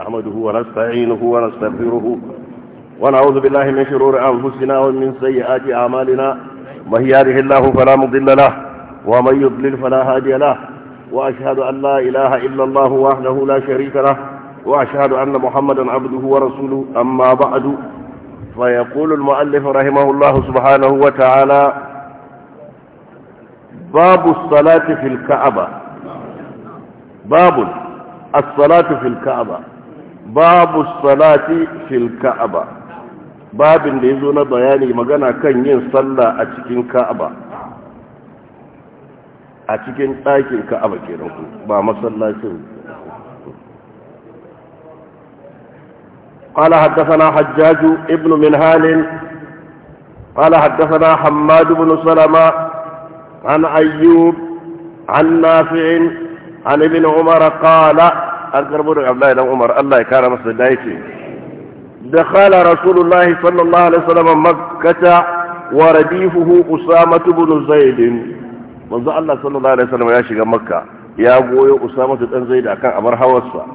نحمده ونستعينه ونستغفره ونعوذ بالله من شرور أنفسنا ومن سيئات أعمالنا من يهده الله فلا مضل له ومن يضلل فلا هادي له وأشهد أن لا إله إلا الله وحده لا شريك له وأشهد أن محمدا عبده ورسوله أما بعد فيقول المؤلف رحمه الله سبحانه وتعالى باب الصلاة في الكعبة باب الصلاة في الكعبة babu salati fil ka'aba babin da yazo na bayani magana kan yin sallah a cikin ka'aba a cikin ɗakin ka'aba kenan ku ba masallacin قال حدثنا حجاج ابن منهال قال حدثنا حماد بن سلمة عن أيوب عن نافع عن ابن عمر قال أقربون عبد الله بن عمر الله يكرم مسجد دخل رسول الله صلى الله عليه وسلم مكة ورديفه أسامة بن زيد منذ الله صلى الله عليه وسلم يا شيخ مكة يا أبوي أسامة بن زيد كان أمر حوصة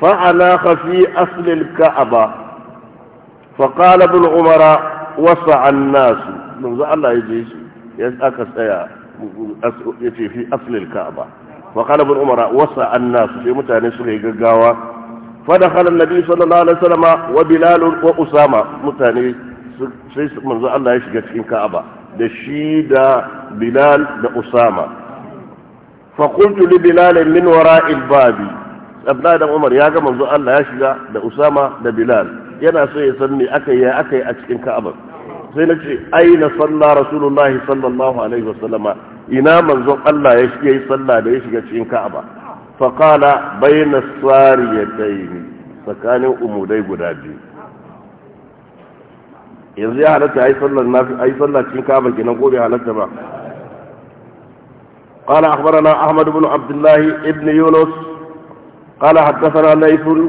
فعلاخ في أصل الكعبة فقال ابن عمر وسع الناس منذ الله يجيش يجيش أكس في أصل الكعبة fa qala ibn umara wasa annas sai mutane suka yi gaggawa fa dakhala annabi sallallahu alaihi wasallam wa bilal wa usama mutane sai manzo Allah ya shiga cikin ka'aba da shi da bilal da usama fa qultu li bilal min wara'il babi abdullahi dan umar ya ga manzo Allah ya shiga da usama da bilal yana so ya san me aka a cikin ka'aba sai na ce aina salla rasulullahi ina manzon Allah ya yi sallah da ya shiga cikin Ka'aba fa faqala bayna sariyatayn tsakanin umudai guda biyu yanzu ya halatta ai sallar nafi ai sallar cikin Ka'aba kenan ko bai halatta ba قال akhbarana ahmad ibn abdullah ibn yunus يونس hadathana laythun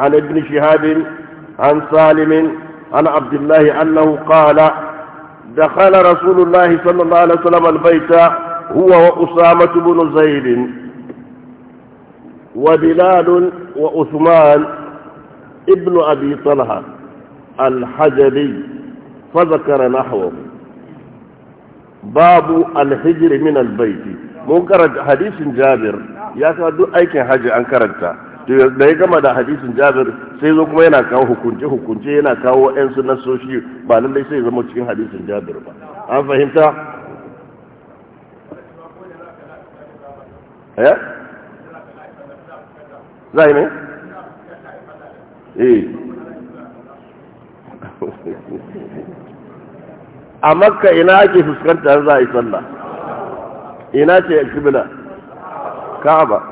an ibn shihab an salim an abdullah annahu الله دخل رسول الله صلى الله عليه وسلم البيت هو وأسامة بن زيد وبلال وأثمان ابن أبي طلحة الحجري فذكر نحوه باب الحجر من البيت منكر حديث جابر يا دو أيكن حج أنكرتها da ya gama da hadisin jabir sai zo kuma yana kawo hukunce hukunce yana kawo yan sunan soshi ba lallai sai zama cikin hadisin jabir ba an fahimta eh zai ne eh a makka ina ake fuskantar za a yi sallah ina ce alkibla ka'aba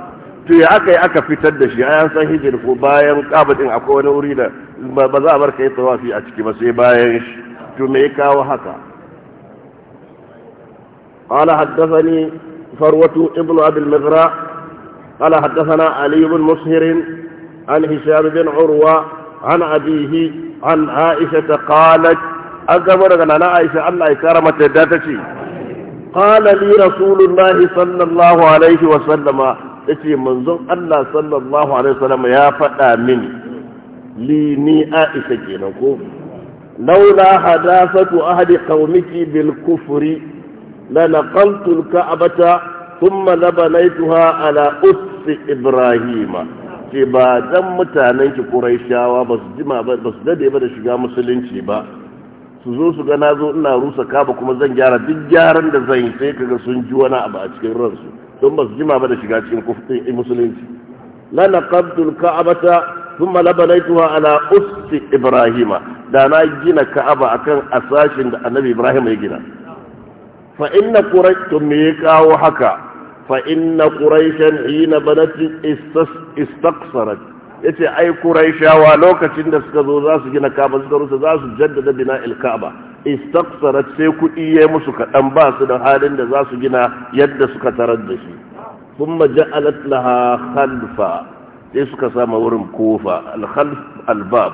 to ya aka yi aka fitar da shi a yan san hijir ko bayan kaba din akwai wani wuri da ba za a bar kai yi tawafi a ciki ba sai bayan shi to me kawo haka qala haddathani farwatu ibn abd al-mizra qala haddathana ali ibn mushir an hisham bin urwa an abihi an aisha qalat agabar ga nana aisha Allah ya karamata da tace قال لي رسول الله صلى الله عليه وسلم ce manzon Allah sallallahu alaihi wasallam ya faɗa min li ni Aisha kenan ko laula hadasatu ahadi qaumiki bil kufri la naqaltu al ka'bata thumma labanaytuha ala usfi ibrahima ce ba dan mutanen ki quraishawa ba jima ba su dade ba da shiga musulunci ba su zo su ga na zo ina rusa kaba kuma zan gyara duk gyaran da zan yi sai kaga sun ji wani abu a cikin ransu don ba su jima ba da shiga cikin kufin musulunci la naqabtul ka'abata thumma labanaituha ala usti ibrahima da na gina ka'aba akan asashin da annabi ibrahim ya gina fa inna quraytum kawo haka fa inna quraishan hina banat istaqsarat yace ai quraishawa lokacin da suka zo za su gina kaba suka rusa za su jaddada bina ilkaba istaqsarat sai kudi yayi musu kadan ba su da halin da za su gina yadda suka tarar da shi kuma ja'alat laha khalfa sai suka sama wurin kofa al khalf al bab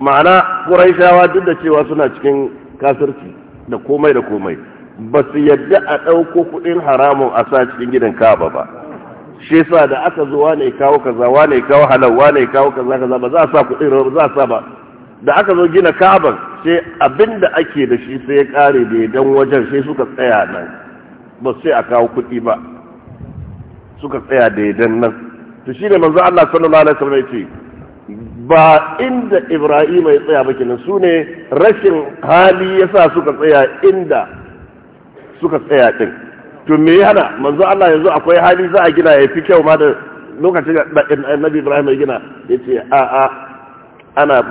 ma'ana quraishawa duk da cewa suna cikin kasirci da komai da komai ba su yadda a ɗauko kuɗin haramun a sa cikin gidan kaba ba shi yasa da aka zo wane kawo kaza wane kawo halal wane kawo kaza kaza ba za a sa kuɗi ba za a sa ba da aka zo gina kaban sai abinda ake da shi sai ya kare da dan wajen sai suka tsaya nan ba sai a kawo kuɗi ba suka tsaya da dan nan to shi ne manzo Allah sallallahu alaihi wasallam ce ba inda Ibrahim ya tsaya ba kenan ne rashin hali yasa suka tsaya inda suka tsaya din to me yana hana manzo Allah yanzu akwai hali za a gina ya fi kyau ma da lokacin da Annabi Ibrahim ya gina ce a a ana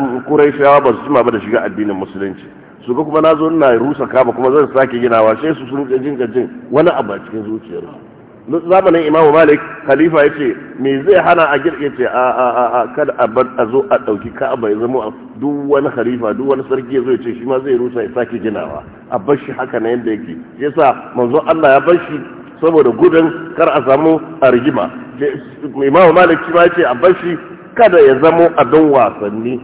shawa ba su jima ba da shiga addinin musulunci su ga kuma nazo ina rusa kaba kuma zan sake ginawa sai su sun jin gajin wani abu a cikin zuciyarsu zamanin imamu malik khalifa ya ce me zai hana a gir ya ce a a a a kada a bar a zo a ɗauki ka'aba ya zama duk wani khalifa duk wani sarki ya zo ya ce shi ma zai rusa ya sake ginawa a bar shi haka na yadda yake yasa manzo Allah ya bar shi saboda gudun kar a samu a rigima imamu malik shi ma ya ce a bar shi kada ya zamo a don wasanni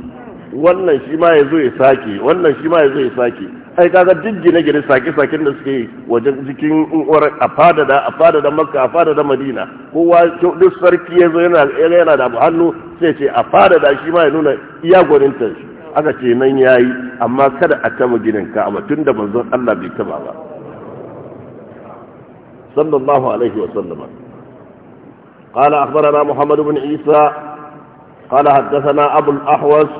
wannan shi ma ya zo ya sake wannan shi ma ya zo ya sake ai kaga duk gine gine sake saken da suke wajen jikin uwar a fadada a fadada makka a fadada madina kowa duk sarki ya zo yana da abu hannu sai ce a fadada shi ma ya nuna iya gwaninta shi aka ce nan ya yi amma kada a taba ginin ka'aba tun da manzon Allah bai taba ba sallallahu alaihi wa sallama qala akhbarana muhammad ibn isa qala haddathana abu al-ahwas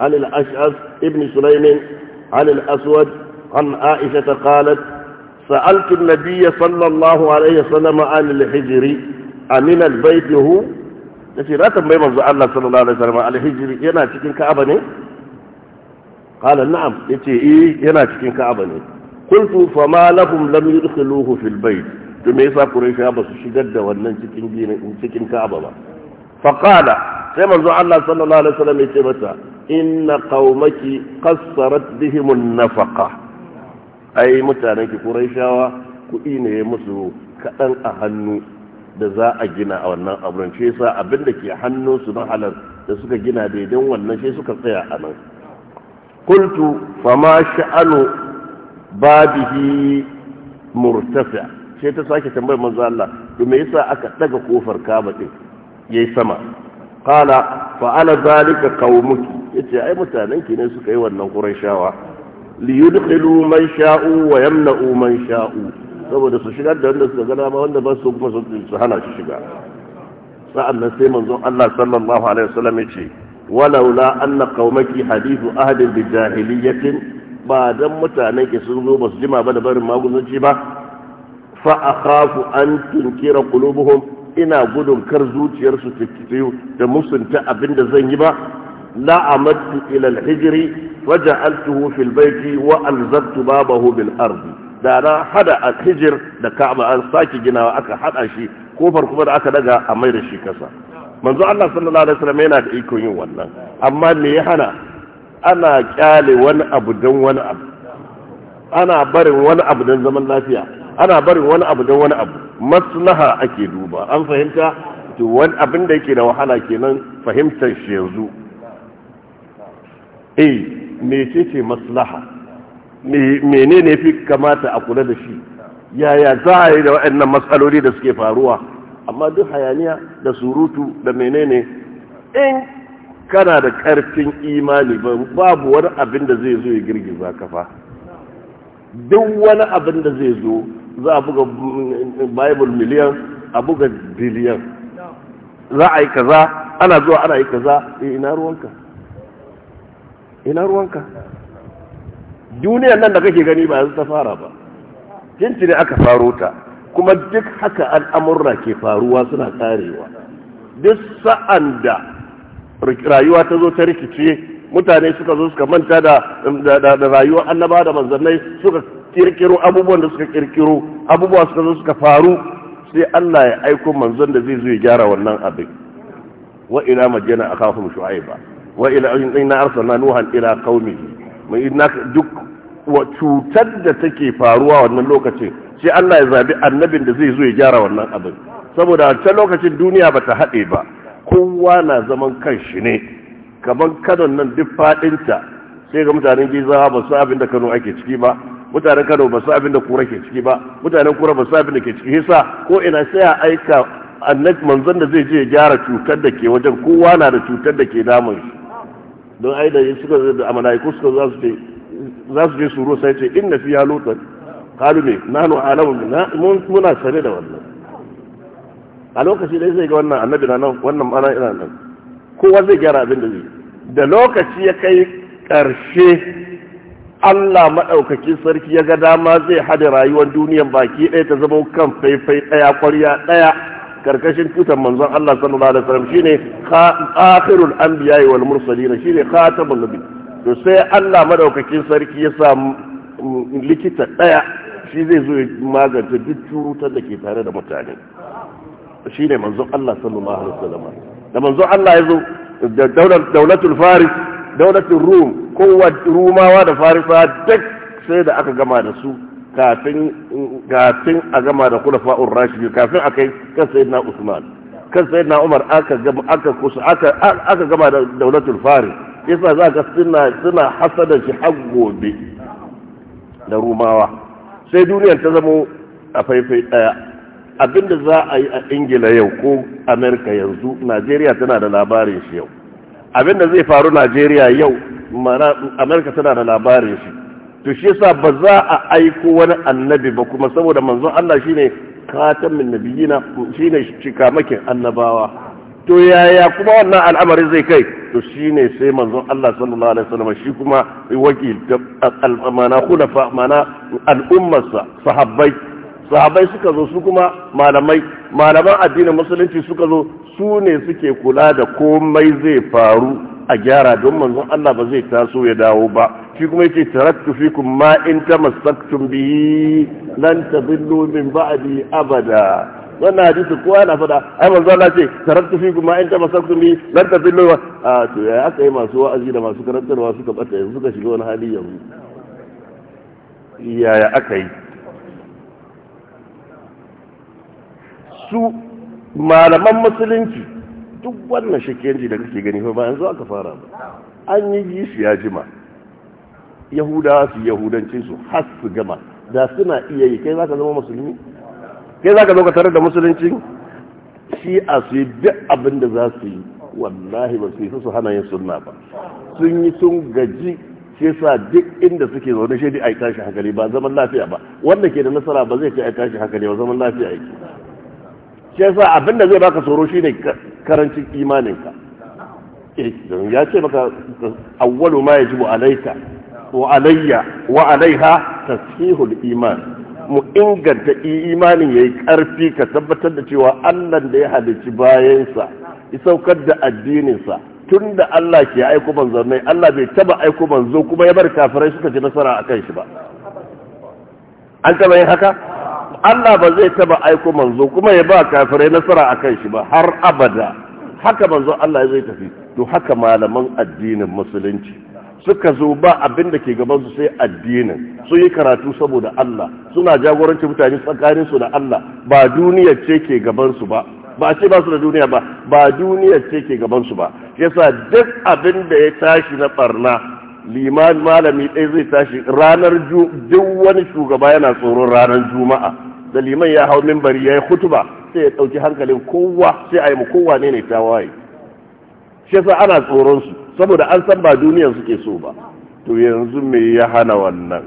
an al-ash'as ibn sulaym an al-aswad an aisha qalat سألت النبي صلى الله عليه وسلم عن الحجر أمن البيت هو نسي لا تنبي الله صلى الله عليه وسلم عن الحجر ينا تكين كعبني qala na'am yace eh yana cikin ka'aba ne qultu fa ma lahum lam yudkhiluhu fil bayt to me yasa quraisha ba su shigar da wannan cikin ginin cikin ka'aba ba fa qala sai manzo Allah sallallahu alaihi wasallam yace mata inna qaumaki qassarat bihim an-nafaqa ai mutanen ki quraishawa kuɗi ne musu kaɗan a hannu da za a gina a wannan abin shi yasa abin da ke hannunsu na halar da suka gina daidan wannan shi suka tsaya a nan قلت فما شأن بابه مرتفع sai ta sake tambayar manzo Allah to me yasa aka daga kofar Kaaba din yayi sama qala fa ala zalika qaumuki yace ai mutanen ki ne suka yi wannan Qurayshawa li yudkhilu man sha'u wa yamna'u man sha'u saboda su shigar da wanda suka gana ma wanda ba su kuma su hana shi shiga sa'an nan sai manzon Allah sallallahu alaihi wasallam ya ce walaula anna qaumaki hadithu ahdin bi jahiliyatin ba dan mutanen ki sun zo basu jima ba da barin magudanci ba fa akhafu an tunkira qulubuhum ina gudun kar zuciyarsu ta kitiyo da musunta abinda zan yi ba la amadtu ila al-hijri waja'altuhu fil bayti wa alzabtu babahu da na hada al-hijr da ka'aba an saki ginawa aka haɗa shi kofar kuma da aka daga a mai da shi kasa manzo Allah sallallahu alaihi wasallam yana da iko yin wannan amma me ya hana ana kyale wani abu don wani abu ana barin wani abu don zaman lafiya ana barin wani abu don wani abu maslaha ake duba an fahimta to wani abin da yake da wahala kenan fahimtar shi yanzu eh ce maslaha menene fi kamata a kula da shi yaya za a yi da wa'annan matsaloli da suke faruwa amma duk hayaniya da surutu da menene in eh, kana da karfin imani babu wani abin da zai zo ya girgiza kafa duk wani abin da zai zo za a buga bible miliyan a buga biliyan za a yi kaza ana zuwa ana yi kaza eh, ina ruwanka ina ruwanka duniyan nan da kake gani ba yanzu ta fara ba ne aka faro ta kuma duk haka al'amurra ke faruwa suna karewa duk sa'an da rayuwa ta zo ta rikice mutane suka zo suka manta da rayuwa annaba da manzannai suka kirkiro abubuwan da suka kirkiro abubuwa suka zo suka faru sai Allah ya aiko manzon da zai zo ya gyara wannan abin wa ila a akahum shu'aiba wa na arsa na, nuhan ila kaumi duk cutar da take faruwa wannan lokacin sai Allah ya zabi annabin da zai zo ya gyara wannan abin saboda a can lokacin duniya ba ta haɗe ba kowa na zaman kanshi ne kaman kanon nan duk faɗinta sai ga mutanen giza ba su abin da kano ake ciki ba mutanen kano ba su abin da kura ke ciki ba mutanen kura ba su abin da ke ciki hisa ko ina sai a aika annabi manzon da zai je ya gyara cutar da ke wajen kowa na da cutar da ke damun shi don ai da suka da amalaiku suka za su je su ruwa sai ce inna fiya lutan kalu me nanu alamu mun muna sane da wannan a lokaci da zai ga wannan annabi na nan wannan ana ina nan kowa zai gyara abin da zai da lokaci ya kai ƙarshe Allah maɗaukakin sarki ya ga dama zai haɗa rayuwar duniyan baki ɗaya ta zama kan faifai ɗaya ƙwarya ɗaya karkashin tutan manzon Allah sallallahu alaihi wasallam shine akhirul anbiya wal mursalin shine khatamun nabi to sai Allah maɗaukakin sarki ya sa likita ɗaya shi zai zo magance duk curutar da ke tare da mutane shi ne manzon Allah sallallahu alaihi wasallam da manzon Allah ya zo da daular daulatul faris daulatul rum kowa rumawa da farisa duk sai da aka gama da su kafin kafin a gama da khulafa'ur rashid kafin akai kan sayyidina usman kan sayyidina umar aka gama aka kusa aka aka gama da daulatul faris yasa za ka suna suna hasada shi har da rumawa sai duniyar ta zamo a faifai daya abinda za a yi a ingila yau ko amerika yanzu najeriya tana da labarin shi yau abinda zai faru najeriya yau amerika tana da labarin shi to shi yasa ba za a aiko wani annabi ba kuma saboda manzon Allah shine min nabiyina shine shikamakin annabawa to yaya kuma wannan al'amarin zai kai to shi ne sai manzon Allah sallallahu alaihi wasallam shi kuma wakil mana khulafa mana al'ummarsa sahabbai sahabbai suka zo su kuma malamai malaman addinin musulunci suka zo su ne suke kula da komai zai faru a gyara don manzon Allah ba zai taso ya dawo ba shi kuma yake tarattu fikum ma in tamassaktum bihi lan tadillu min ba'di abada wannan hadisi kowa yana faɗa ai manzo Allah ce tarattu fi kuma in tamasaktu mi lan tadillu a to ya aka yi masu wa'azi da masu karantarwa suka bata yanzu suka shiga wani hali yanzu yaya aka yi su malaman musulunci duk wannan shakiyanci da kake gani fa ba yanzu aka fara ba an yi ji ya jima yahudawa su yahudancin su har su gama da suna iya yi kai za ka zama musulmi ke za ka zo ka tarar da musulunci shi a su yi duk abin da za su yi wallahi ba su yi su hana yin sunna ba sun yi sun gaji shi sa duk inda suke zaune shi dai a tashi hankali ba zaman lafiya ba wanda ke da nasara ba zai ce a tashi hankali ba zaman lafiya yake shi sa abin da zai baka tsoro shine karancin imaninka eh, ya ce maka awwalu ma yajibu alayka wa alayya wa alayha tasfihul iman mu inganta imanin ya yi ƙarfi ka tabbatar da cewa Allah da ya halicci bayansa ya saukar da addininsa tun da Allah ke aiko manzannai Allah bai taba aiko manzo kuma ya bar kafirai suka ji nasara a kan shi ba an taba yin haka Allah ba zai taba aiko manzo kuma ya ba kafirai nasara a kan shi ba har abada haka manzo Allah zai tafi to haka malaman addinin musulunci suka zo ba abin da ke gabansu sai addinin su yi karatu saboda Allah suna jagoranci mutane tsakanin su da Allah ba duniyar ce ke gabansu ba ba ce ba su da duniya ba ba duniyar ce ke gabansu ba yasa duk abin da ya tashi na barna liman malami ɗaya zai tashi ranar duk wani shugaba yana tsoron ranar juma'a da liman ya hau mimbari ya yi hutuba sai ya ɗauki hankalin kowa sai a yi mu kowa ne ne tawaye shi yasa ana tsoron su saboda an san ba duniyar suke so ba to yanzu me ya hana wannan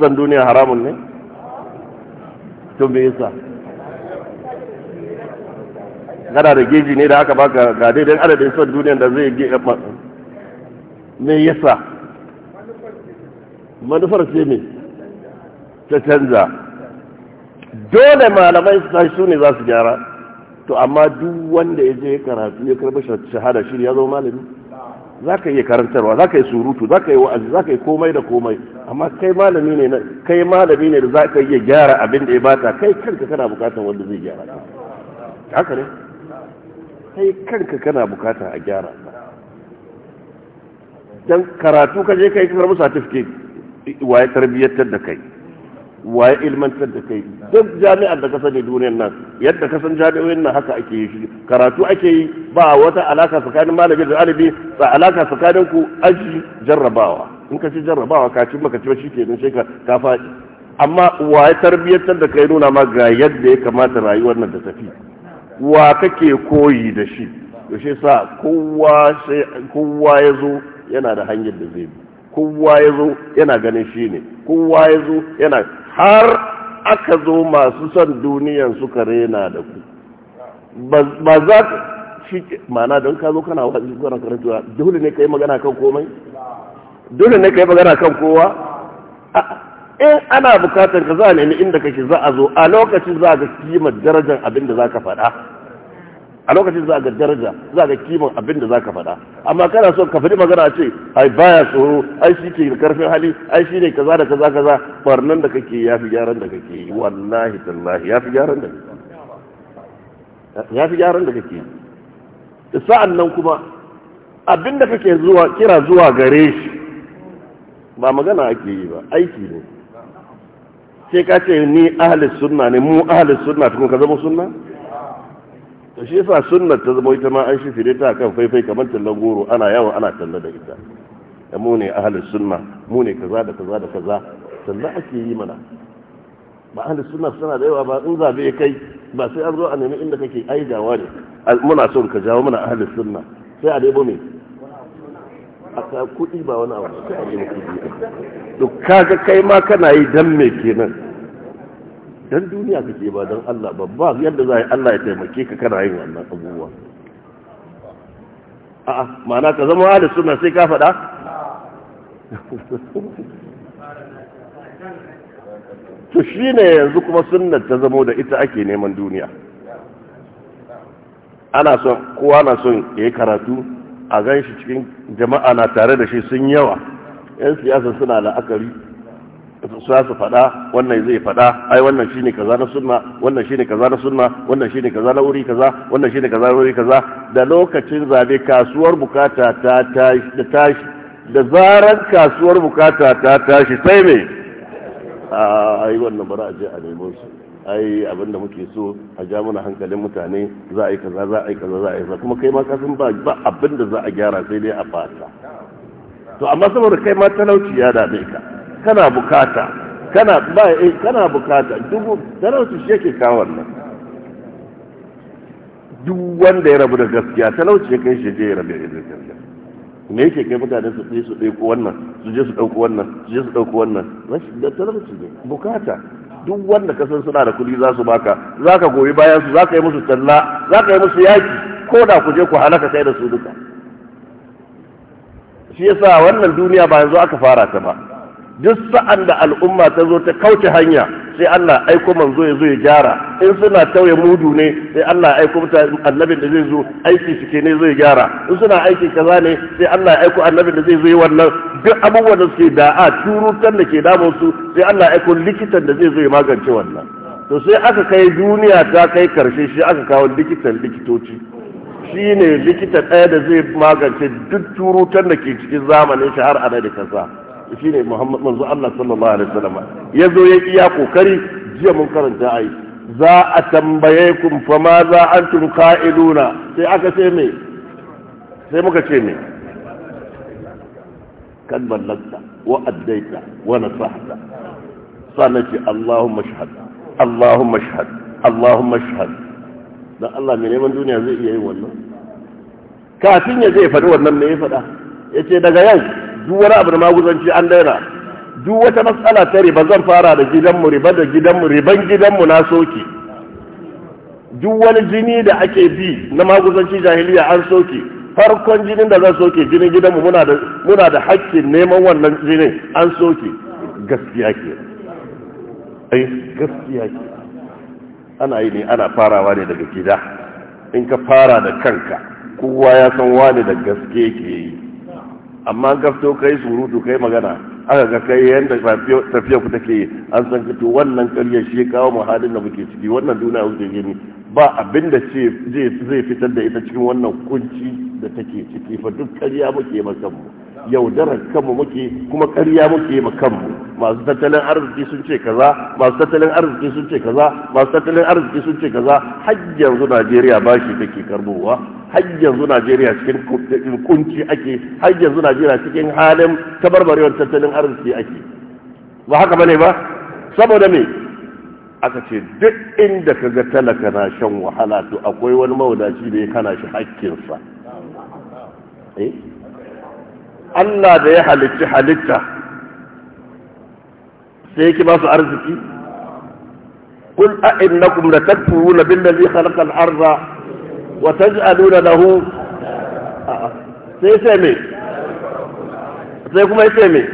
san duniya haramun ne to me yasa gada da geji ne da aka baka ga daidan adadin son duniya da zai ge me yasa manufar ce ne ta canza dole malamai su tashi su ne za su gyara to amma duk wanda ya je karatu ya karba shahada shi ya zama malami za ka iya karantarwa za ka yi surutu za ka yi wa'azi za ka yi komai da komai amma kai malami ne kai malami ne da za ka iya gyara abin da ya bata kai kanka kana bukatar wanda zai gyara haka ne kai kanka kana bukata a gyara dan karatu ka je kai karɓi certificate waye tarbiyyar da kai waye ilmantar da kai duk jami'ar da ka sani duniyar nan yadda ka san jami'o'in nan haka ake yi shi karatu ake yi ba wata alaka tsakanin malami da alibi ba alaka tsakanin ku aji jarrabawa in ka ci jarrabawa ka ci maka ci shi ke sai ka ka faɗi amma waye tarbiyyantar da kai nuna ma ga yadda ya kamata rayuwar nan da tafi wa kake koyi da shi to shi sa kowa sai kowa ya zo yana da hanyar da zai bi kowa ya zo yana ganin shi ne kowa ya zo yana har aka zo masu son duniyan suka rena da ku ba za ka shi mana don ka zo kana wasu kana karatuwa dole ne ka yi magana kan komai dole ne ka yi magana kan kowa in ana bukatar ka za a nemi inda kake za a zo a lokacin za a ga kimar darajar abin da za ka faɗa a lokacin za ga daraja za ga kiman abinda za ka faɗa amma kana so ka faɗi magana a ce ai baya tsoro ai shi ke karfin hali ai shi ne kaza da kaza kaza barnan da kake ya fi gyaran da kake yi wallahi tallahi ya fi gyaran da ya fi gyaran da kake yi da sa'an nan kuma abinda kake zuwa kira zuwa gare shi ba magana ake yi ba aiki ne sai ka ce ni ahli sunna ne mu ahli sunna tukun ka zama sunna to shi yasa sunnar ta zama ita ma an fide ta kan faifai kamar tallan goro ana yawan ana talla da ita da mu ne ahalus sunna mu ne kaza da kaza da kaza talla ake yi mana ba ahalin sunna suna da yawa ba in zabe ya kai ba sai an zo a nemi inda kake ai gawa ne muna son ka jawo mana ahalin sunna sai a debo me a kudi kuɗi ba wani abu sai a yi kuɗi duk kaga kai ma kana yi dan me kenan dan duniya kake ba dan Allah ba ba yadda za Allah ya taimake ka kana yin wannan abubuwa a'a ma'ana ka zama ahlus sunna sai ka faɗa to shi ne yanzu kuma sunnar ta zamo da ita ake neman duniya ana son kowa na son yayi karatu a gan shi cikin jama'a na tare da shi sun yawa 'yan siyasa suna la'akari za su faɗa wannan zai faɗa ai wannan shine kaza na sunna wannan shine kaza na sunna wannan shine kaza na wuri kaza wannan shine kaza na wuri kaza da lokacin zabe kasuwar bukata ta tashi da zarar kasuwar bukata ta tashi sai me ai wannan bara a je a nemo su ai abin da muke so a ja mana hankalin mutane za a yi kaza za a yi kaza za a yi kaza kuma kai ma san ba abin da za a gyara sai dai a fata to amma saboda kai ma talauci ya dame ka kana bukata kana ba eh kana bukata dubu talauci shi yake kawo wannan duk wanda ya rabu da gaskiya talauci ya kai shi je ya rabu da gaskiya me yake kai mutane su je su ɗauko wannan su je su ɗauko wannan su je su ɗauko wannan rashin da talauci ne bukata duk wanda ka san suna da kuɗi za su baka za ka goyi bayan su za ka yi musu talla za ka yi musu yaki ko da ku je ku halaka sai da su duka shi yasa wannan duniya ba yanzu aka fara ta ba duk sa'an da al'umma ta zo ta kauce hanya sai Allah aiko manzo ya zo ya gyara in suna tauye mudu ne sai Allah aiko mutan annabin da zai zo aiki suke ne zai gyara in suna aiki kaza ne sai Allah aiko annabin da zai zo wannan duk abubuwan da suke da'a turutan da ke damun su sai Allah aiko likitan da zai zo ya magance wannan to sai aka kai duniya ta kai karshe shi aka kawo likitan likitoci shi ne likita ɗaya da zai magance duk turutan da ke cikin zamanin shi har a da kasa shine Muhammad manzo Allah sallallahu alaihi wasallam yazo ya iya kokari jiya mun karanta a yi za a tambaye kun fa ma za antum qa'iluna sai aka ce me sai muka ce me kan ballanta wa addaita wa nasahta ce Allahumma shahad Allahumma shahad Allahumma shahad dan Allah mai neman duniya zai iya yin wannan kafin ya zai faɗi wannan me ya faɗa yace daga yau duk wani abu da maguzanci an daina duk wata matsala ta riba zan fara da gidanmu riba da gidanmu riban gidanmu na soke duk wani jini da ake bi na maguzanci jahiliya an soke farkon jinin da zan soke jinin gidanmu muna da muna da hakkin neman wannan jinin an soke gaskiya ke ai gaskiya ke ana yi ne ana farawa ne daga gida in ka fara da kanka kowa ya san wani da gaske ke yi amma gafto kai surutu kai magana aka ga kai yadda tafiya ku take an san kato wannan karyar shi kawo mu halin da muke ciki wannan duniya kuke gani ba abin da ce zai fitar da ita cikin wannan kunci da take ciki fa duk karya muke masa mu yaudarar kanmu muke kuma ƙarya muke ma kanmu masu tattalin arziki sun ce kaza masu tattalin arziki sun ce kaza masu tattalin arziki sun ce kaza har yanzu Najeriya shi take karbowa har yanzu Najeriya cikin kunci ake har yanzu Najeriya cikin halin tabarbarewar tattalin arziki ake ba haka bane ba saboda me aka ce duk inda ka ga talaka na shan wahala to akwai wani mawadaci da ya kana shi hakkinsa eh? Allah da ya halicci halitta sai أرزكي قل أئنكم لتكفرون بالذي خلق الأرض وتجعلون له سيسمي سيكما يسمي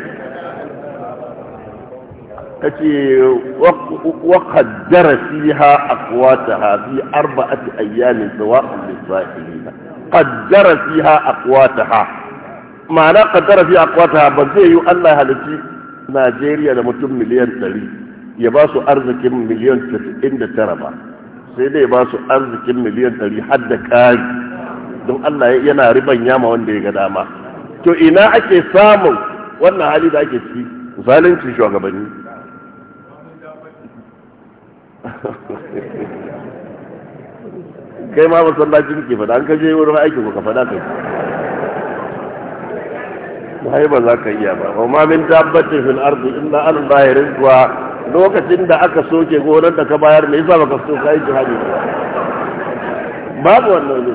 وقدر فيها أقواتها في أربعة أيام سواء للسائلين قدر فيها أقواتها ma'ana kaddara fi akwata ba zai yi Allah ya halitti Najeriya da mutum miliyan 100 ya ba su arzikin miliyan 99 ba sai dai ba su arzikin miliyan 100 har da kari don Allah yana riban yama wanda ya ga dama to ina ake samun wannan hali da ake ci zalunci shugabanni kai ma masallaci muke fada an kaje wurin aiki ko ka fada kai ai ba za ka iya ba wa ma min dabbatin fil ardi illa an zahirin kuwa lokacin da aka soke gonar da ka bayar me yasa ka so yi jihadi ba babu wannan ne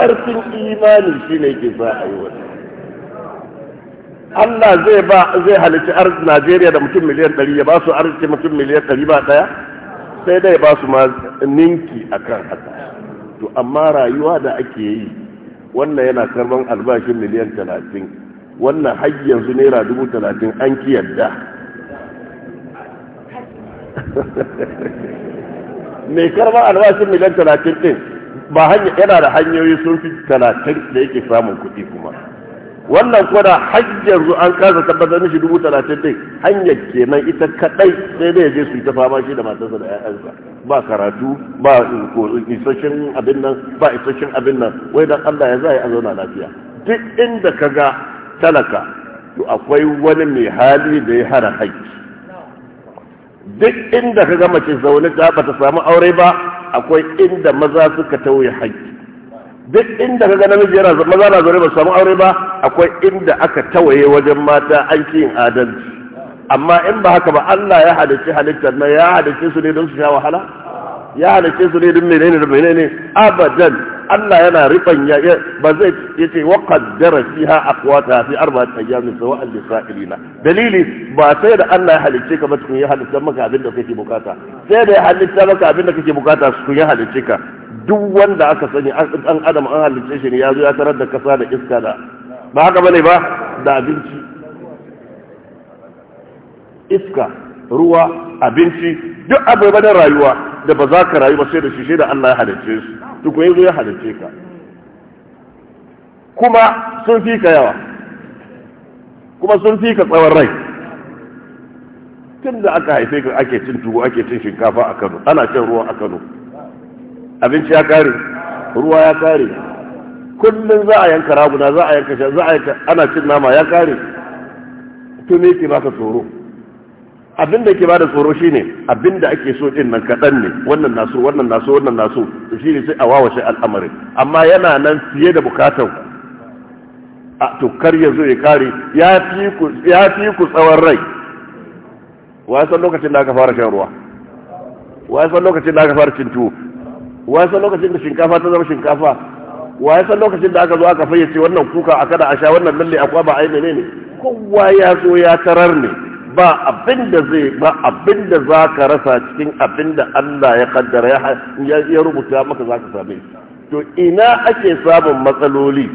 karfin imani shine yake sa a yi Allah zai ba zai halici arzikin Najeriya da mutum miliyan 100 ya ba su arziki mutum miliyan 100 ba daya sai dai ba su ma ninki akan haka to amma rayuwa da ake yi wannan yana karban albashin miliyan talatin. wannan har su naira dubu talatin an ki yadda mai karɓar albashin miliyan talatin ɗin ba hanya yana da hanyoyi sun fi talatin da yake samun kuɗi kuma wannan kwada hajjiyar su an kasa tabbatar mishi dubu talatin ɗin hanyar kenan ita kaɗai sai dai yaje su yi ta fama shi da matarsa da 'ya'yansa ba karatu ba isasshen abin nan ba isasshen abin nan wai dan Allah ya zai a zauna lafiya duk inda ka ga talaka to akwai wani mai hali da ya hara haƙƙi duk inda ka gama ce zaune ta ba ta samu aure ba akwai inda maza suka tauye haƙƙi duk inda ka ga namiji yana maza na zaune ba samu aure ba akwai inda aka tawaye wajen mata an ki yin adalci amma in ba haka ba Allah ya halicci halittar na ya halicce su ne don su sha wahala ya halicce su ne don menene da menene abadan Allah yana ya ba zai ce wa qaddara fiha aqwata fi ya min sawa al-sa'ilina dalili ba sai da Allah ya halicce ka ba tukun ya halicce maka abin da kake bukata sai da ya halicce maka abin da kake bukata su ya halicce ka duk wanda aka sani an adam an halicce shi ne ya zo ya tarar da kasa da iska da ba haka bane ba da abinci iska ruwa abinci duk abubuwan rayuwa da ba za ka rayu ba sai da shi da Allah ya halicce su duk wani zo ya halicce ka kuma sun fi ka yawa kuma sun fi ka tsawon rai tun da aka haife ka ake cin tuwo ake cin shinkafa a Kano ana cin ruwa a Kano abinci ya kare ruwa ya kare kullum za a yanka raguna za a yanka shan za a yanka ana cin nama ya kare tuni me ke baka tsoro abin da ke bada tsoro shine abin da ake so din nan kaɗan ne wannan naso wannan naso wannan naso shi ne sai a wawashe al'amarin amma yana nan fiye da bukatar a to kar ya zo ya kare ya fi ku tsawon rai wa san lokacin da aka fara shan ruwa wa san lokacin da aka fara cin tuwo wa san lokacin da shinkafa ta zama shinkafa wa san lokacin da aka zo aka fayyace wannan kuka a kada a sha wannan lalle akwa ba ai menene kowa ya zo ya tarar ne ba abin da zai ba abin da za ka rasa cikin abin da Allah ya kaddara ya rubuta maka za ka same to ina ake samun matsaloli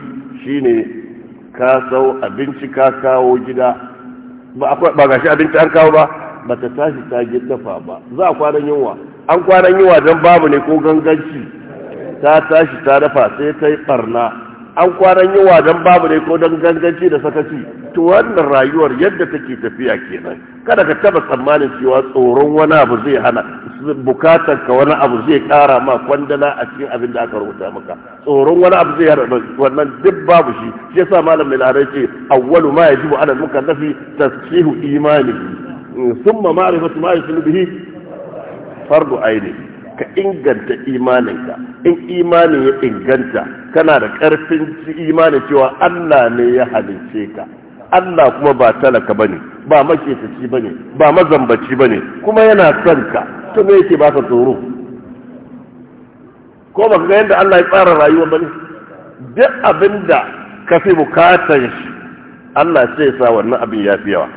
shine ka sau abinci ka kawo gida ba ga shi abinci an kawo ba ba ta tashi ta dafa ba za a kwanan yunwa an kwanan yunwa don babu ne ko ganganci ta tashi ta dafa sai ta yi barna an kwanan yawa don babu ne ko don ganganci da sakaci to wannan rayuwar yadda take tafiya kenan kada ka taba tsammanin cewa tsoron wani abu zai hana bukatar ka wani abu zai kara ma kwandala a cikin abin da aka rubuta maka tsoron wani abu zai hana wannan duk babu shi shi yasa malam mai larai ce awwalu ma yajibu ala mukallafi tashihu imani mm, thumma ma'rifatu ma yusulu bihi fardu ainihi ka inganta imaninka in imanin ya inganta kana da karfin imanin cewa Allah ne ya halince ka Allah kuma ba talaka bane ba makesaci bane ba mazambaci bane kuma yana son ka to me yake ba ka tsoro ko ba ga yadda Allah ya tsara rayuwa bane duk abinda ka fi bukatar shi Allah sai ya sa wannan abin ya fi yawa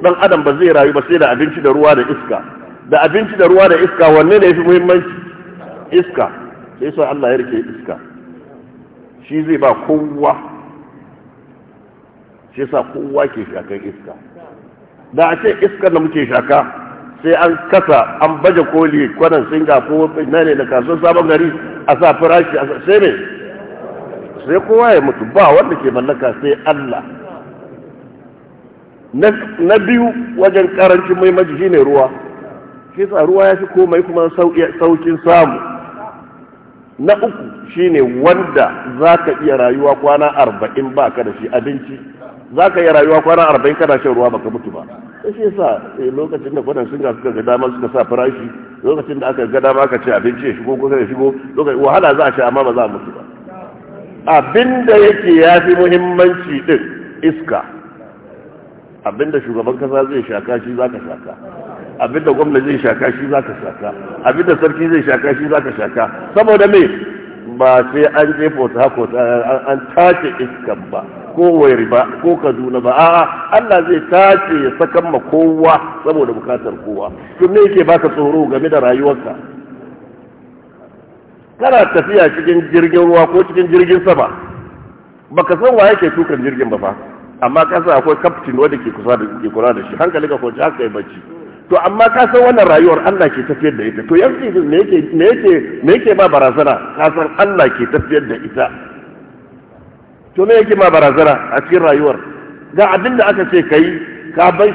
dan adam ba zai rayu ba sai da abinci da ruwa da iska da abinci da ruwa da iska wanne ne yafi muhimmanci iska sai sa Allah ya rike iska shi zai ba kowa shi sa kowa ke shakan iska da a ce iska da muke shaka sai an kasa an baje koli kwanan singa ko na ne da kasuwar sabon gari a sa firashi a sai ne sai kowa ya mutu ba wanda ke mallaka sai Allah na biyu wajen karancin maimaji shine ruwa shi sa ruwa ya fi komai kuma saukin samu na uku shine wanda za ka iya rayuwa kwana arba'in ba ka da shi abinci za ka iya rayuwa kwana arba'in kana shan ruwa baka mutu ba shi sa eh, lokacin da kwanan sun suka ga dama suka sa farashi lokacin da aka ga dama aka ce abinci ya shigo ko ya shigo lokacin wahala za a sha amma ba za a mutu ba abinda yake ya fi muhimmanci din iska abinda shugaban kasa zai shaka shi za ka shaka abinda gwamna zai shaka shi za ka shaka abinda sarki zai shaka shi za ka shaka saboda me ba sai an je port harcourt an tace iskan ba ko wairi ba ko kaduna ba a'a allah zai tace ya sakan ma kowa saboda bukatar kowa to me yake baka tsoro game da rayuwarka kana tafiya cikin jirgin ruwa ko cikin jirgin sama baka san wa yake tukan jirgin ba fa amma kasa akwai kaftin wanda ke kusa da ke kula da shi hankali ka kwanci haka yi bacci to amma ka san wannan rayuwar Allah ke tafiyar da ita to yanzu me yake me yake me yake ma barazana ka san Allah ke tafiyar da ita to me yake ma barazana a cikin rayuwar ga abin da aka ce kai ka bai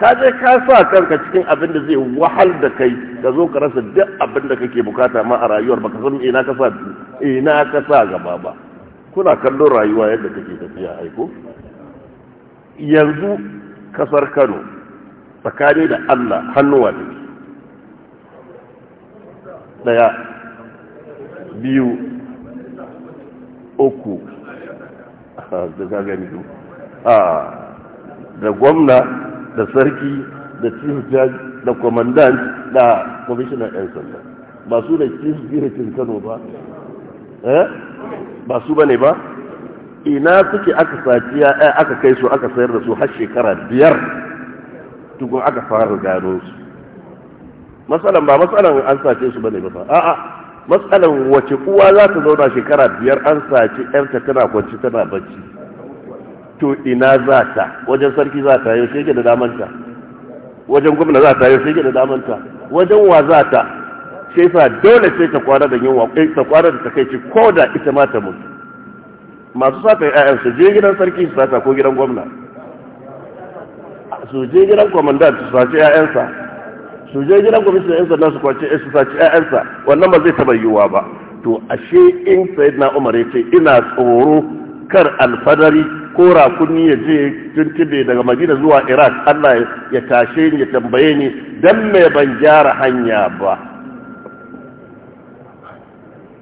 ka je ka sa kanka cikin abin da zai wahal da kai ka zo ka rasa duk abin da kake bukata ma a rayuwar baka san ina ka sa ina ka sa gaba ba kuna kallon rayuwa yadda kake tafiya aiko yanzu kasar Kano tsakani da Allah hannuwa ke daya biyu uku da gagani a da gwamna da sarki da chief judge da commandant da commissioner yan sanda ba su da chief director kano ba eh ba su bane ba ina suke aka saciya eh, aka kai su aka sayar da su har shekara biyar tukun aka fara gano su matsalan ba matsalan an sace su bane ba a matsalan wace uwa za ta zauna shekara biyar an sace yarta tana kwanci tana bacci to ina za ta wajen sarki za ta yau shege da damanta wajen gwamna za ta yau shege da damanta wajen wa za ta sai sa dole sai ta kwana da yunwa eh, ta kwana da takaici ko da ita ma ta mutu masu sata ya'yan su je gidan sarki su sata ko gidan gwamna su je gidan kwamandan su sace 'ya'yansa su je gidan kwamishin 'yan sanda su kwace su sace 'ya'yansa wannan ba zai taɓa yiwuwa ba to ashe in na umar ya ce ina tsoro kar alfadari ko rakunni ya je tuntube daga madina zuwa iraq allah ya tashe ni ya tambaye ni dan me ban gyara hanya ba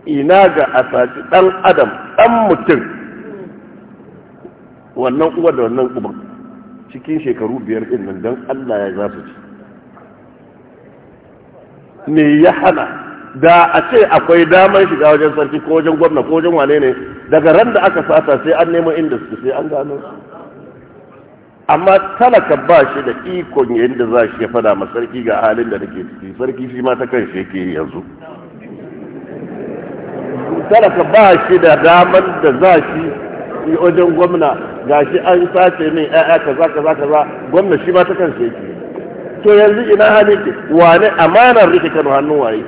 ina ga a saci dan adam dan mutum wannan uwa da wannan uban cikin shekaru biyar ɗin nan don Allah ya za su ci me ya hana da a ce akwai damar shiga wajen sarki ko wajen gwamna ko wajen wane ne daga ran da aka sata sai an nemo inda su sai an gano amma talaka ba shi da ikon yadda za shi ya fada ma sarki ga halin da nake ciki sarki shi ma ta kan shi yake yanzu talaka ba shi da damar da za shi wajen gwamna ga shi an sace min ƴaƴa kaza kaza kaza gwamna shi ma ta sai yake to yanzu ina hali wane amanar rike Kano hannun waye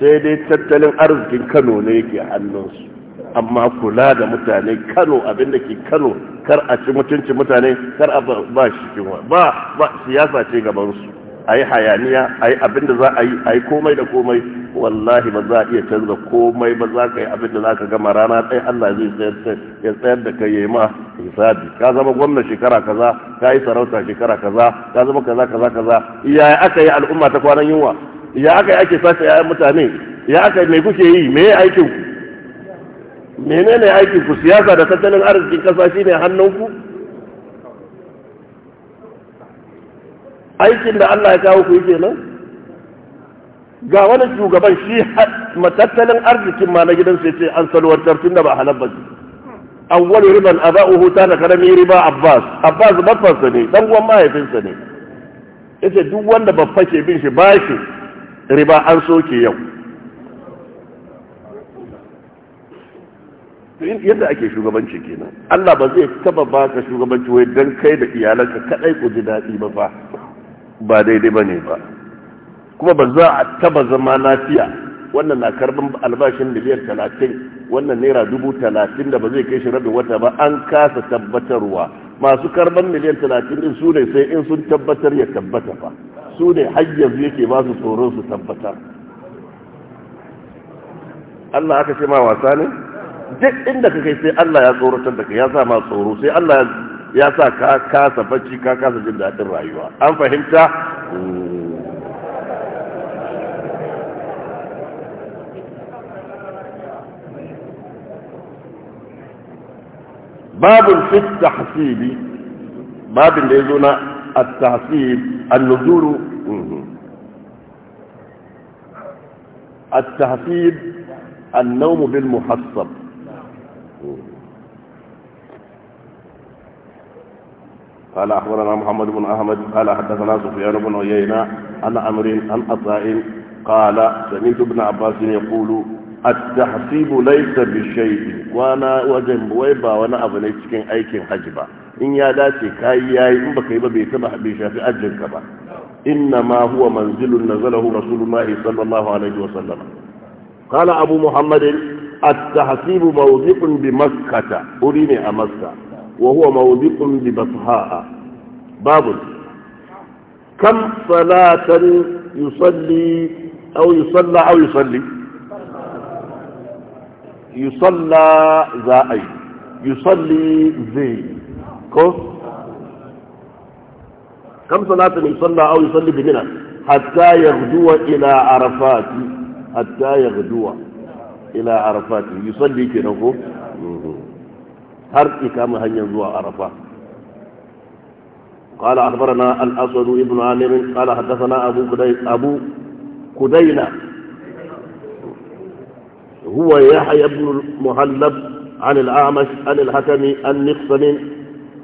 sai dai tattalin arzikin Kano ne yake hannunsu amma kula da mutane Kano abin da ke Kano kar a ci mutunci mutane kar a ba shi ba ba siyasa ce gaban su ayi hayaniya ayi abin da za a yi ayi komai da komai wallahi ba za a iya canza komai ba za ka yi abin da za ka gama rana ɗaya Allah zai ya tsayar da ka yi ma hisabi ka zama gwamna shekara kaza ka yi sarauta shekara kaza ka zama kaza kaza kaza ya aka yi al'umma ta kwanan yunwa ya aka yi ake sace ya'yan mutane ya aka yi me kuke yi me ya aikin ku menene aikin ku siyasa da tattalin arzikin kasa shine hannunku aikin da Allah ya kawo ku yi kenan ga wani shugaban shi matattalin arzikin ma na gidansa ya ce an salwantar tun da ba halar ba awwal riban huta na karami riba abbas abbas baffansa ne dan uwan mahaifinsa ne Ya ce duk wanda ba ke bin shi bashi riba an soke yau yadda ake shugabanci kenan Allah ba zai taba baka shugabanci wai dan kai da iyalanka kadai ku ji daɗi ba fa ba daidai ba ne ba kuma ba za a taba zama lafiya wannan na karbin albashin miliyan talatin wannan naira dubu talatin da ba zai kai shi rabin wata ba an kasa tabbatarwa masu karban miliyan talatin din su ne sai in sun tabbatar ya tabbata ba su ne har yanzu yake ba su tsoron su tabbatar Allah aka ce ma wasa ne duk inda ka kai sai Allah ya tsoratar da ka ya sa ma tsoro sai Allah ya sa ka kasa bacci ka kasa jin daɗin rayuwa an fahimta باب في التحسيب باب اللي يزونا التحسيب النزول التحسيب النوم بالمحصب قال أخبرنا محمد بن أحمد قال حدثنا سفيان بن عيينة عن أمر عن أطاء قال سمعت ابن عباس يقول at-tahsibu laysa bi shay'in wana wajen wai ba wani abu ne cikin aikin haji ba in ya dace kai yayi in baka yi ba bai taba bai shafi ajin ka ba inna ma huwa manzilun nazalahu rasulullah sallallahu alaihi wa sallam qala abu muhammad at-tahsibu mawdi'un bi makkah uri ne a makkah wa huwa mawdi'un bi basha'a babu kam salatan yusalli aw yusalla aw yusalli يصلى ذا أي يصلي ذي كم كم صلاة يصلى أو يصلي بهنا حتى يغدو إلى عرفات حتى يغدو إلى عرفات يصلي كنه هر كما هن يزوى عرفات قال أخبرنا الأسود ابن عامر قال حدثنا أبو كدينة أبو كدينة هو يحيى بن المهلب عن الأعمش عن الحكم عن مقسم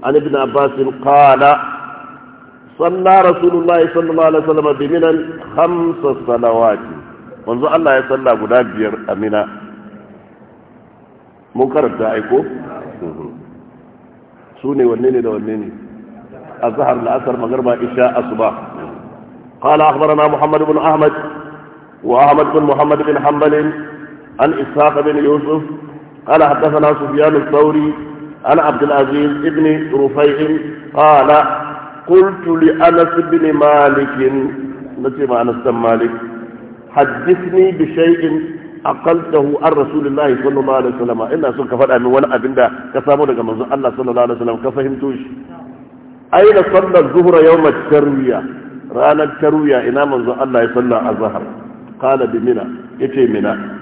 عن ابن عباس قال صلى رسول الله صلى الله عليه وسلم بمنى خمس صلوات منذ الله يصلى بنادير بير أمنا منكر الدائكو سوني والنيني ne wanne الظهر الأثر مغربا إشاء a قال أخبرنا محمد بن أحمد وأحمد بن محمد بن حنبل عن إسحاق بن يوسف قال حدثنا سفيان الثوري عن عبد العزيز بن رفيع قال قلت لأنس بن مالك التي ما أنس بن مالك حدثني بشيء أقلته عن رسول الله صلى الله عليه وسلم إلا سنك فرأى من ولا أبن دا كسامو لك منزل الله صلى الله عليه وسلم كفهمتوش أين صلى الظهر يوم التروية رانا التروية إنا منزل الله صلى الله عليه وسلم قال بمنى يتي إيه منى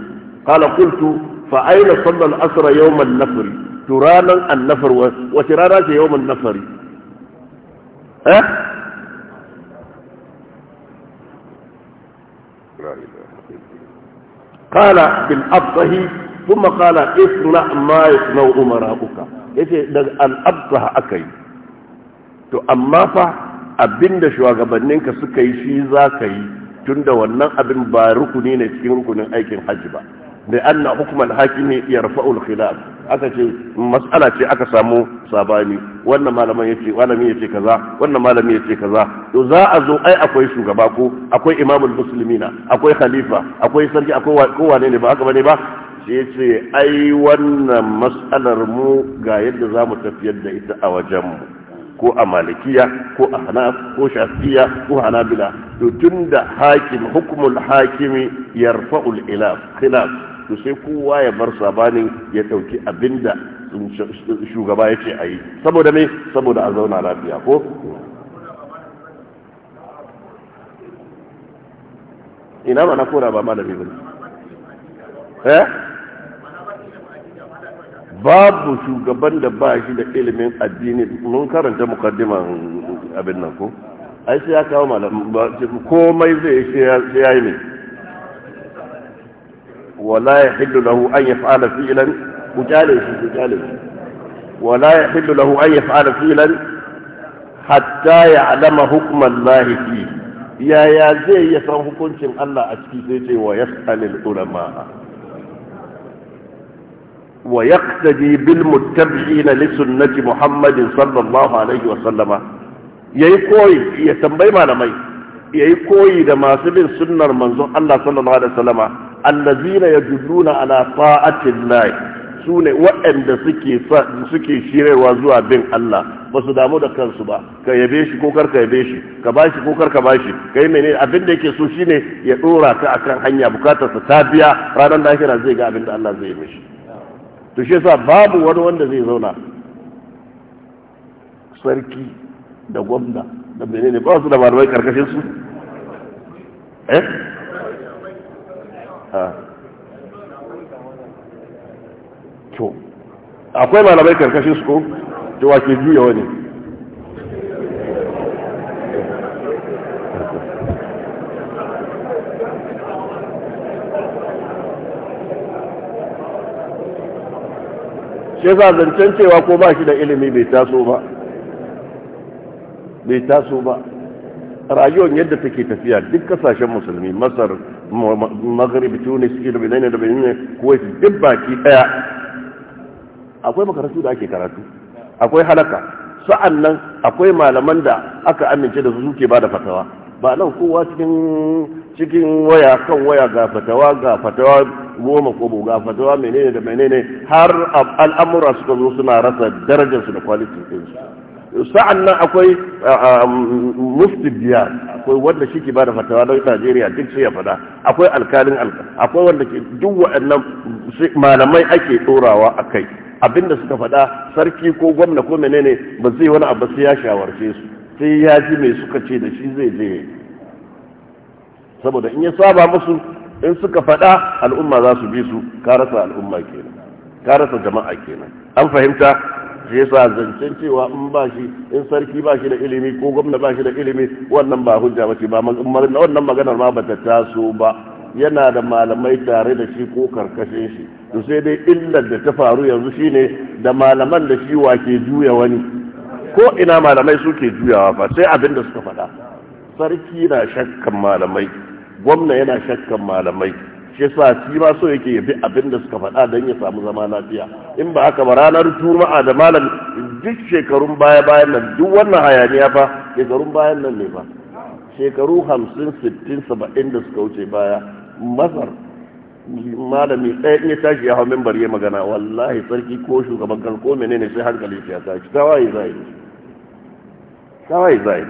قال قلت fa aina الأسر يوم النفر ترانا النفر وترانا turanan an-nafr قال بالأبطه ثم قال اصنع ما يصنع أمراؤك yace daga al'abta aka yi to amma fa abinda shugabanninka suka yi shi za ka yi tunda wannan abin ba rukuni ne cikin rukunin aikin hajji ba da anna hukumar hakimi ya rafa'ul khilaf aka ce mas'ala ce aka samu sabani wannan malamin yace malami yace kaza wannan malami yace kaza to za a zo ai akwai shugaba ko akwai imamul muslimina akwai khalifa akwai sarki akwai kowa ne ba haka bane ba sai yace ai wannan mas'alar mu ga yadda zamu tafiyar da ita a wajen mu ko a malikiya ko a hanaf ko shafiya ko hanabila to tunda hakim hukumul hakimi yarfa'ul ilaf khilaf to sai kowa ya bar sabanin ya dauki abinda shugaba ya ce a yi saboda me saboda a zauna lafiya ko ina mana kora ba malami ba eh babu shugaban da ba shi da ilimin addini mun karanta mukaddiman abin nan ko ai sai ya kawo malam komai zai sai ya yi mai ولا يحل له أن يفعل فعلا مجالس مجالس ولا يحل له أن يفعل فعلا حتى يعلم حكم الله فيه يا يا زي يسان حكمتين الله أشكي ويسأل العلماء ويقتدي بالمتبعين لسنة محمد صلى الله عليه وسلم يقوي يتنبي ما لمي يقوي ما سبب سنة المنزل الله صلى الله عليه وسلم allazina yadulluna ala llahi sune wa'anda suke suke shirewa zuwa bin Allah ba su damu da kansu ba ka yabe shi ko karka yabe shi ka bashi ko karka bashi kai mene abin da yake so shine ya dora ka akan hanya sa ta biya ranar lahira zai ga abin da Allah zai yi mishi to shi yasa babu wani wanda zai zauna sarki da gwamna da menene ba su da malamai karkashin su eh to akwai malamai karkashin su ko to wa ke juya wani shi za zancen cewa ko ba shi da ilimi bai taso ba bai taso ba rayuwar yadda take tafiya duk kasashen musulmi masar maghrib tunis ilbinaina da benin kuwait duk baki daya akwai makarantu da ake karatu akwai halaka sa'an nan akwai malaman da aka amince da su suke ba da fatawa ba nan kowa cikin cikin waya kan waya ga fatawa ga fatawa goma ko ga fatawa menene da menene har al'amura suka zo suna rasa darajarsu da kwalitin ɗinsu sa'an nan akwai um, mufti biya akwai wanda shi ke bada fatawa don najeriya duk sai ya fada akwai alkalin akwai wanda ke duk waɗannan malamai ake ɗorawa a kai abinda suka fada sarki ko gwamna ko menene ba zai wani abu sai ya shawarce su sai ya ji mai suka ce da shi zai je saboda in ya saba musu in suka fada al'umma za su bi su ka rasa al'umma kenan ka rasa jama'a kenan an fahimta shi yasa zancen cewa in ba shi in sarki ba shi da ilimi ko gwamna ba shi da ilimi wannan ba hujja ba ce ba wannan maganar ma bata taso ba yana da malamai tare da shi ko karkashin shi to sai dai illar da ta faru yanzu shine da malaman da shi wa ke juya wani ko ina malamai suke juyawa fa sai abin da suka faɗa sarki na shakkan malamai gwamna yana shakkan malamai shi sa shi ma so yake yabi abin da suka faɗa don ya samu zama lafiya in ba haka ba ranar juma'a da malam duk shekarun baya bayan nan duk wannan hayaniya fa shekarun bayan nan ne ba shekaru hamsin sittin saba'in da suka wuce baya masar malami ɗaya ne tashi ya hau mimbar ya magana wallahi sarki ko shugaban kan ko menene sai hankali ya tashi tawaye zai tawaye zai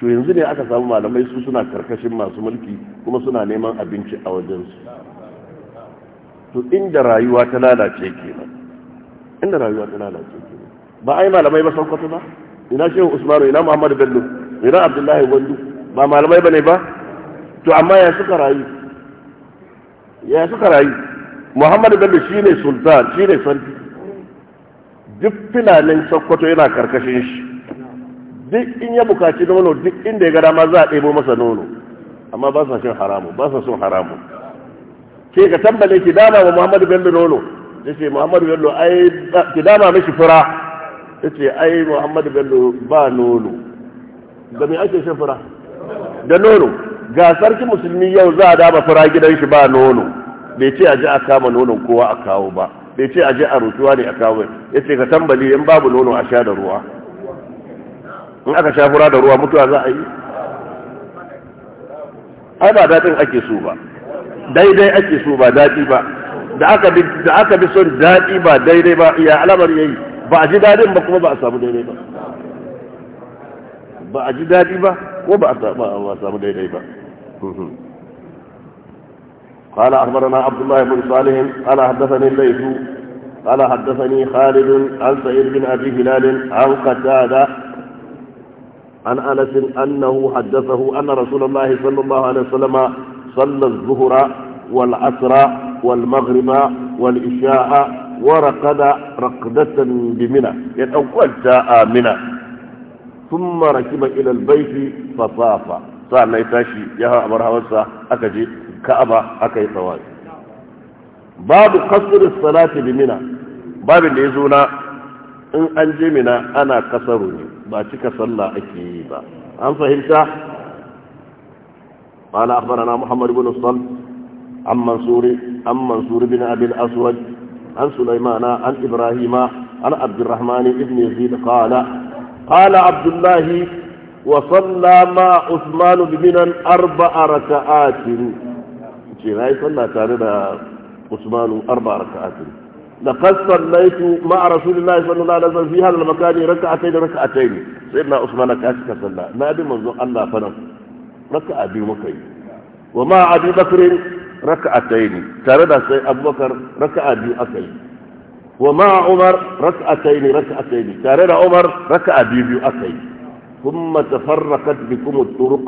to yanzu ne aka samu malamai su suna karkashin masu mulki kuma suna neman abinci a wajensu to inda rayuwa ta lalace kenan inda rayuwa ta lalace kenan ba ai malamai ba saukatu ba ina shehu usmanu ina muhammad bello ina abdullahi gwandu ba malamai ba ne ba to amma ya suka rayu ya suka rayu muhammad bello ne sultan ne sarki duk filanin sokoto yana karkashin shi duk in ya bukaci nono duk inda ya ga dama za a ɗebo masa nono amma ba sa shin haramu ba sa son haramu ke ka tambale ki dama wa Muhammadu Bello nono ce Muhammadu Bello ai ki dama mashi fura ce ai Muhammadu Bello ba nono da me ake shan fura da nono ga sarki musulmi yau za a dama fura gidan shi ba nono bai ce a ji a kama nonon kowa a kawo ba bai ce a je a rutuwa ne a kawo ya ce ka tambali in babu nono a sha da ruwa in aka sha fura da ruwa mutuwa za a yi ai ba daɗin ake so ba daidai ake so ba daɗi ba da aka bi son daɗi ba daidai ba ya alamar yayi ba a ji daɗin ba kuma ba a samu daidai ba ba a ji daɗi ba ko ba a samu daidai ba قال أخبرنا عبد الله بن صالح قال حدثني الليث قال حدثني خالد عن سعيد بن أبي هلال عن قتادة عن أنس أنه حدثه أن رسول الله صلى الله عليه وسلم صلى الظهر والعصر والمغرب والعشاء ورقد رقدة بمنى يعني أول جاء منى ثم ركب إلى البيت فطاف لا يتاشي يا أمرها وسا أكجي كأبا أكي طوال باب قصر الصلاة بمنى باب اللي يزونا إن an je mina ana kasaru ne ba cika sallah ake قال أخبرنا محمد بن الصل عن منصور عن منصور بن أبي الأسود عن سليمان عن إبراهيم عن عبد الرحمن بن يزيد قال قال عبد الله وصلى ما عثمان بمنى أربع ركعات ce يصلى yi عثمان أربع ركعات لقد صليت مع رسول الله صلى الله عليه وسلم في هذا المكان ركعتين ركعتين سيدنا عثمان كاسك صلى ما بي منذ الله فنم ركع ابي مكي ومع ابي بكر ركعتين تردى سي ابو بكر ركع ابي اكي ومع عمر ركعتين ركعتين تردى عمر ركع ابي اكي ثم تفرقت بكم الطرق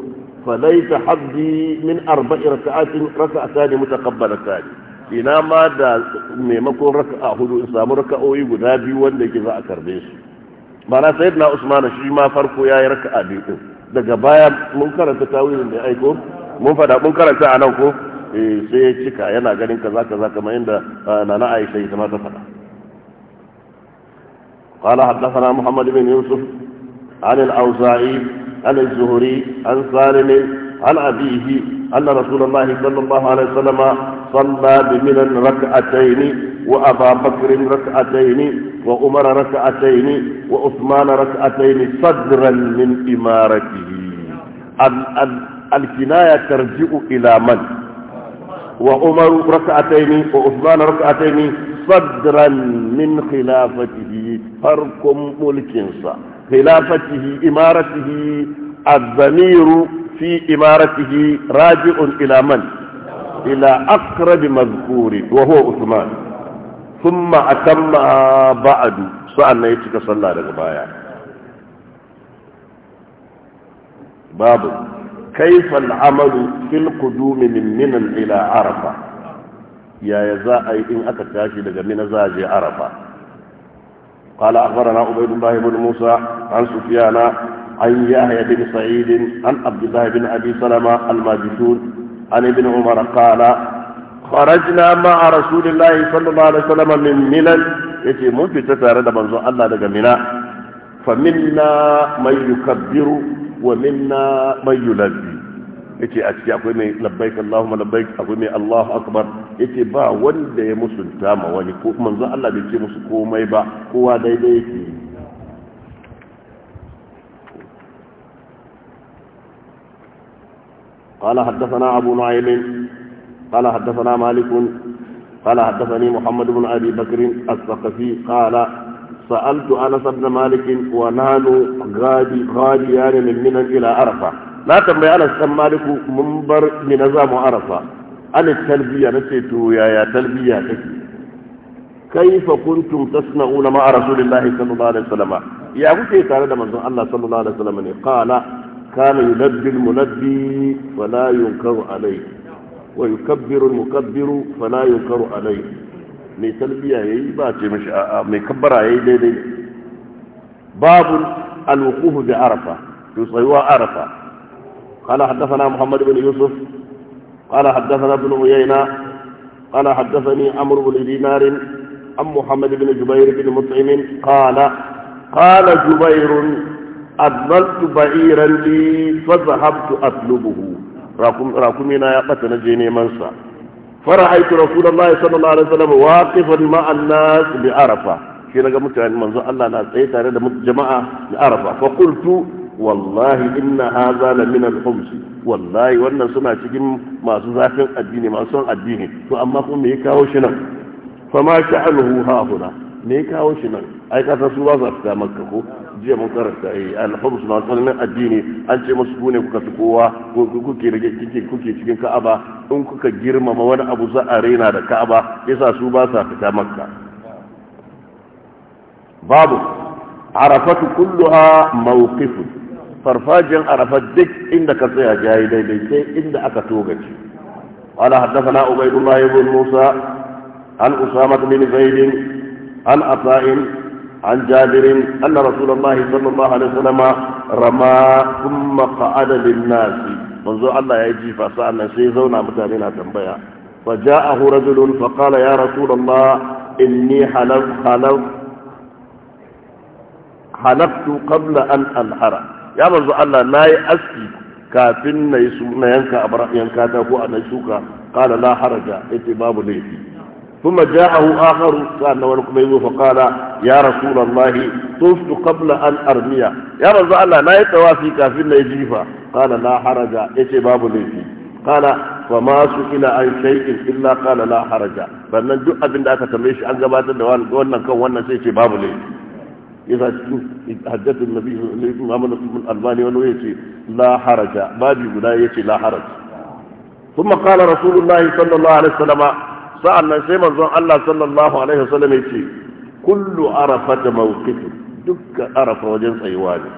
فليت حظي من اربع ركعات ركعتان متقبلتان ina ma da maimakon raka'a hudu in samu raka'o'i guda biyu wanda yake za a karbe su mana sayyid na usman shi ma farko ya yi raka'a biyu din daga baya mun karanta tawilin da aiko mun faɗa mun karanta a nan ko eh, sai ya cika yana ganin kaza kaza kamar inda ah, nana aisha ita ma ta faɗa قال حدثنا محمد بن يوسف عن الأوزاعي عن الزهري عن سالم عن أبيه أن رسول الله صلى الله عليه وسلم صلى بمنى ركعتين وأبا بكر ركعتين وعمر ركعتين وعثمان ركعتين صدرا من إمارته الكناية ترجع إلى من وعمر ركعتين وعثمان ركعتين صدرا من خلافته فرق ملكنسا خلافته إمارته الضمير في إمارته راجع إلى من إلى أقرب مذكور وهو عثمان ثم أتم بعد سأل نيتك صلى لغبايا باب كيف العمل في القدوم من منى إلى عرفة يا يزاء إن لك من زاج عرفة قال أخبرنا عبيد الله بن موسى عن سفيان an يحيى بن سعيد عن عبد الله بن ابي سلمه الماجدون عن ابن عمر قال خرجنا مع رسول الله صلى الله عليه وسلم من منى يتي من في تتارى الله دغ منى فمنا من يكبر ومنا من يلبي yace a ciki akwai mai labbaik Allahumma labbaik akwai mai Allahu akbar yace ba wanda ya musunta ma wani ko manzo Allah bai ce musu komai ba kowa daidai yake yi قال حدثنا أبو نعيم قال حدثنا مالك قال حدثني محمد بن أبي بكر الثقفي قال سألت أنس بن مالك ونحن غادي غاديان من منى إلى عرفة لا تنبي أنس بن مالك منبر من نظام عرفة عن التلبية نسيت يا يا تلبية تكي كيف كنتم تصنعون مع رسول الله صلى الله عليه وسلم يا أبو هذا من الله صلى الله عليه وسلم قال كان يلبي الملبي فلا ينكر عليه ويكبر المكبر فلا ينكر عليه mai talbiya ya باتي مش ce mashi a دي دي باب الوقوف بعرفه يصيوا عرفه قال حدثنا محمد بن يوسف قال حدثنا ابن عيينة قال حدثني عمرو بن دينار عن محمد بن جبير بن مطعم قال قال جبير أضللت بعيرا لي فذهبت أطلبه راكم راكمنا يا قتل جيني منصا فرأيت رسول الله صلى الله عليه وسلم واقفا مع الناس بعرفة في لقى متعن يعني منزو الله ناس ايه تاري جماعة بعرفة فقلت والله إن هذا لمن الخمس والله وأن سنة شكيم ما سنزافن أديني ما سنة فأما قم يكاو شنو فما شأنه ها هنا ميكاو شنو أي كاتا سوى زفتا مكة jiya mun karanta eh al-khums masalan addini an ce musu ku ne kuka fi kowa ko kuke da kike kuke cikin Ka'aba in kuka girmama wani abu za a raina da Ka'aba yasa su ba sa fita Makka babu arafatu kulluha mawqifun farfajin arafat duk inda ka tsaya jayi daidai sai inda aka togace قال حدثنا عبيد الله بن Musa, an أسامة بن زيد an عن جابر أن رسول الله صلى الله عليه وسلم رمى ثم قعد للناس منذ الله يجي فسألنا سيزونا متابعين تنبيا فجاءه رجل فقال يا رسول الله إني حلفت حلف حلفت قبل أن أنحر يا منذ الله لا يأسكي كافن ينكا أبرأ ينكا تابو أن يشوكا قال لا حرج اتباب ليتي ثم جاءه آخر كان ولكم فقال ya mahi tuftu qabla an armiya ya manzo Allah na yi tawafi kafin na yi jifa qala la haraja yace babu laifi qala fa ma su ila an shay'in illa qala la haraja sannan duk abin da aka tambaye shi an gabatar da wannan kan wannan sai ce babu laifi yasa cikin hajjatul nabi Muhammad bin Albani wani yace la haraja babu guda yace la haraja ثم قال رسول الله صلى الله عليه وسلم sa'an nan sai manzon Allah sallallahu Alaihi wasallam ya ce, kullu arafata mawqifun dukka arafa wajen tsayuwa ne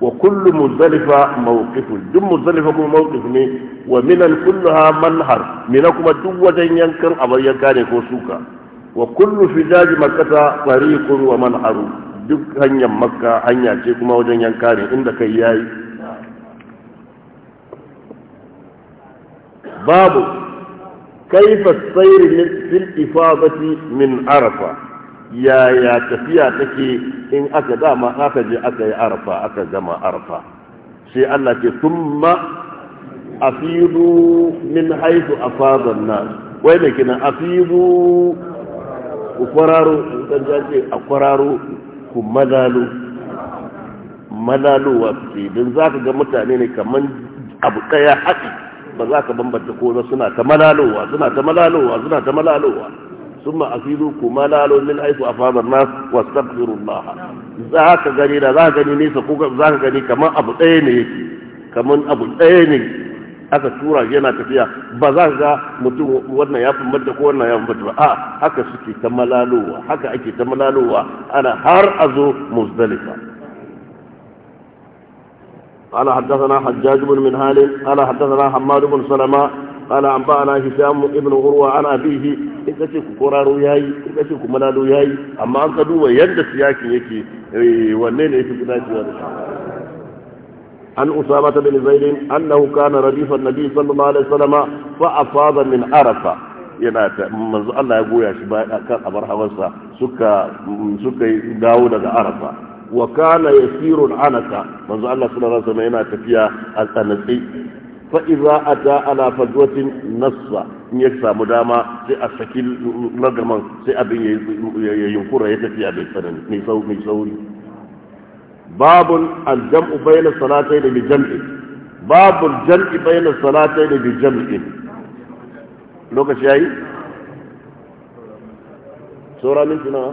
wa kullu muzdalifa mawqifun duk muzdalifa kuma mawqif ne wa min al kulluha manhar mina kuma duk wajen yankan abar yanka ne ko suka wa kullu fijaji makkata tariqun wa manharu duk hanyar makka hanya ce kuma wajen yanka ne inda kai yayi babu kaifa sayri fil ifadati min arafa yaya tafiya take in aka dama aka je aka yi arfa aka gama arfa sai Allah ke summa afidu min haitu afadan na wai ne kina afidu ku kwararo dan jaje a kwararo ku malalu malalu wa don zaka ga mutane ne kaman abu daya haɗi ba za ka bambanta ko suna ta malalowa suna ta malalowa suna ta malalowa ثم أفيدوا كما من حيث أفاد الناس واستغفروا الله ذاك غني ذاك غني نيسا ذاك غني كما أبو أيني كما أبو أيني هذا سورة yana tafiya ba متو ودنا يا wannan ya fumbar da ko wannan ya fumbar ba a haka suke ta malalowa haka ake ta malalowa ana har a قال حدثنا حجاج بن منهال قال حدثنا حماد بن سلمة قال أنبأنا هشام ابن عروة عن أبيه إن كشي كورارو ياي إن كشي كمالو ياي أما أنك دوبا يند سياكي يكي ونين يكي كناتي عن أسامة بن زيد أنه كان رديف النبي صلى الله عليه وسلم فأفاض من عرفة yana ta manzo Allah ya goya shi bayan kan abar hawansa suka suka dawo daga Arafa wa kana yasirun anaka manzo Allah sallallahu alaihi wasallam yana tafiya a tsanatsi fa'iza a ta ala fagwatin nassa in ya samu dama sai a saki nagaman sai abin ya yunkura ya tafiya bai tsanani mai sauri babun aljam'u bayyana salatai da bijam'i babun jam'i bayyana salatai da bijam'i lokaci ya yi? saura mintuna